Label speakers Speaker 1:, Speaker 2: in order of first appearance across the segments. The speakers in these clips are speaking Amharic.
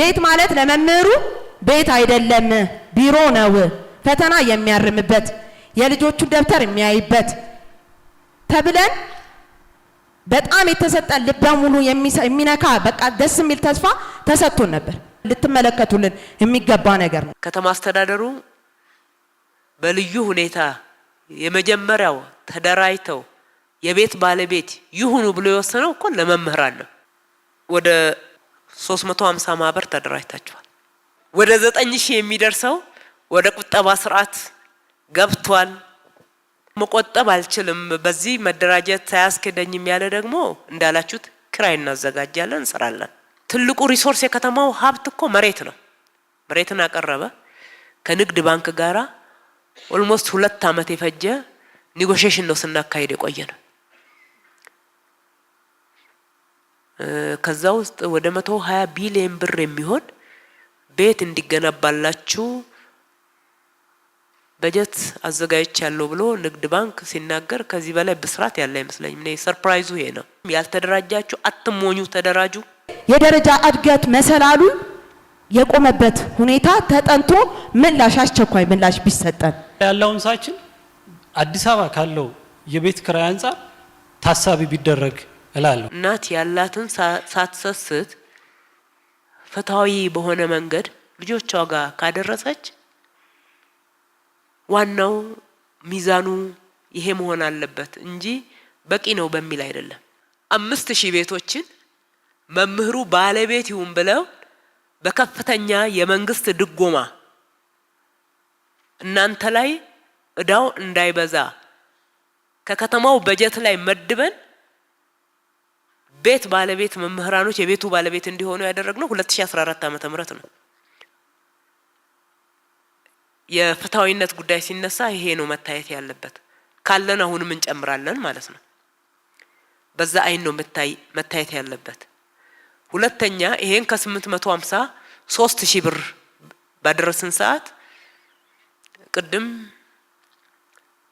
Speaker 1: ቤት ማለት ለመምህሩ ቤት አይደለም፣ ቢሮ ነው። ፈተና የሚያርምበት የልጆቹን ደብተር የሚያይበት ተብለን በጣም የተሰጠን ልበ ሙሉ የሚነካ በቃ ደስ የሚል ተስፋ ተሰጥቶን ነበር። ልትመለከቱልን የሚገባ ነገር ነው።
Speaker 2: ከተማ አስተዳደሩ በልዩ ሁኔታ የመጀመሪያው ተደራጅተው የቤት ባለቤት ይሁኑ ብሎ የወሰነው እኮ ለመምህራን ነው ወደ 350 ማህበር ተደራጅታችኋል። ወደ 9000 የሚደርሰው ወደ ቁጠባ ስርዓት ገብቷል። መቆጠብ አልችልም፣ በዚህ መደራጀት ሳያስኬደኝም ያለ ደግሞ እንዳላችሁት ክራይ እናዘጋጃለን፣ እንሰራለን። ትልቁ ሪሶርስ የከተማው ሀብት እኮ መሬት ነው። መሬትን አቀረበ ከንግድ ባንክ ጋራ ኦልሞስት ሁለት አመት የፈጀ ኒጎሽሽን ነው ስናካሄድ የቆየ ነው። ከዛ ውስጥ ወደ መቶ ሀያ ቢሊየን ብር የሚሆን ቤት እንዲገነባላችሁ በጀት አዘጋጅች ያለው ብሎ ንግድ ባንክ ሲናገር ከዚህ በላይ ብስራት ያለ አይመስለኝም። እኔ ሰርፕራይዙ ይሄ ነው። ያልተደራጃችሁ አትሞኙ፣ ተደራጁ።
Speaker 1: የደረጃ እድገት መሰላሉን የቆመበት ሁኔታ ተጠንቶ ምላሽ አስቸኳይ ምላሽ ቢሰጠን
Speaker 3: ያለውን ሳችን አዲስ አበባ ካለው የቤት ክራይ አንጻር ታሳቢ ቢደረግ
Speaker 2: እላለሁ። እናት ያላትን ሳትሰስት ፍትሐዊ በሆነ መንገድ ልጆቿ ጋር ካደረሰች ዋናው ሚዛኑ ይሄ መሆን አለበት እንጂ በቂ ነው በሚል አይደለም። አምስት ሺህ ቤቶችን መምህሩ ባለቤት ይሁን ብለው በከፍተኛ የመንግስት ድጎማ እናንተ ላይ እዳው እንዳይበዛ ከከተማው በጀት ላይ መድበን ቤት ባለቤት መምህራኖች የቤቱ ባለቤት እንዲሆኑ ያደረግነው 2014 ዓመተ ምህረት ነው። የፍትሃዊነት ጉዳይ ሲነሳ ይሄ ነው መታየት ያለበት። ካለን አሁንም እንጨምራለን ማለት ነው። በዛ አይን ነው መታየት ያለበት። ሁለተኛ ይሄን ከ850 3000 ብር ባደረስን ሰዓት ቅድም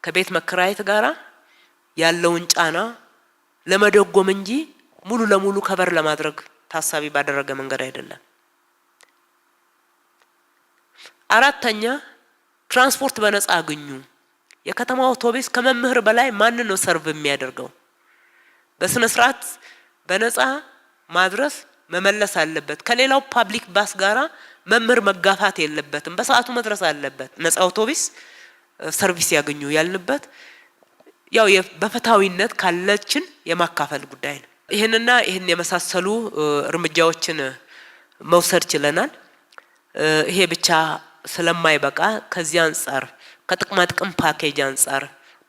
Speaker 2: ከቤት መከራየት ጋራ ያለውን ጫና ለመደጎም እንጂ ሙሉ ለሙሉ ከበር ለማድረግ ታሳቢ ባደረገ መንገድ አይደለም። አራተኛ ትራንስፖርት በነጻ አግኙ። የከተማ አውቶቡስ ከመምህር በላይ ማን ነው ሰርቭ የሚያደርገው? በስነ ስርዓት በነጻ ማድረስ መመለስ አለበት። ከሌላው ፓብሊክ ባስ ጋራ መምህር መጋፋት የለበትም። በሰዓቱ መድረስ አለበት። ነጻ አውቶቡስ ሰርቪስ ያገኙ ያልንበት ያው በፍትሃዊነት ካለችን የማካፈል ጉዳይ ነው። ይህንና ይህን የመሳሰሉ እርምጃዎችን መውሰድ ችለናል። ይሄ ብቻ ስለማይበቃ ከዚህ አንጻር ከጥቅማ ጥቅም ፓኬጅ አንጻር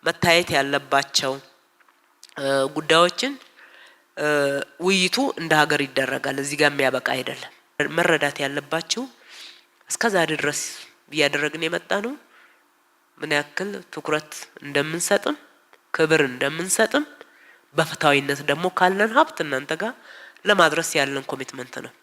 Speaker 2: መታየት ያለባቸው ጉዳዮችን ውይይቱ እንደ ሀገር ይደረጋል። እዚህ ጋር የሚያበቃ አይደለም። መረዳት ያለባችሁ እስከ ድረስ እያደረግን የመጣ ነው ምን ያክል ትኩረት እንደምንሰጥም ክብር እንደምንሰጥም በፍትሐዊነት ደግሞ ካለን ሀብት እናንተ ጋር ለማድረስ ያለን ኮሚትመንት ነው።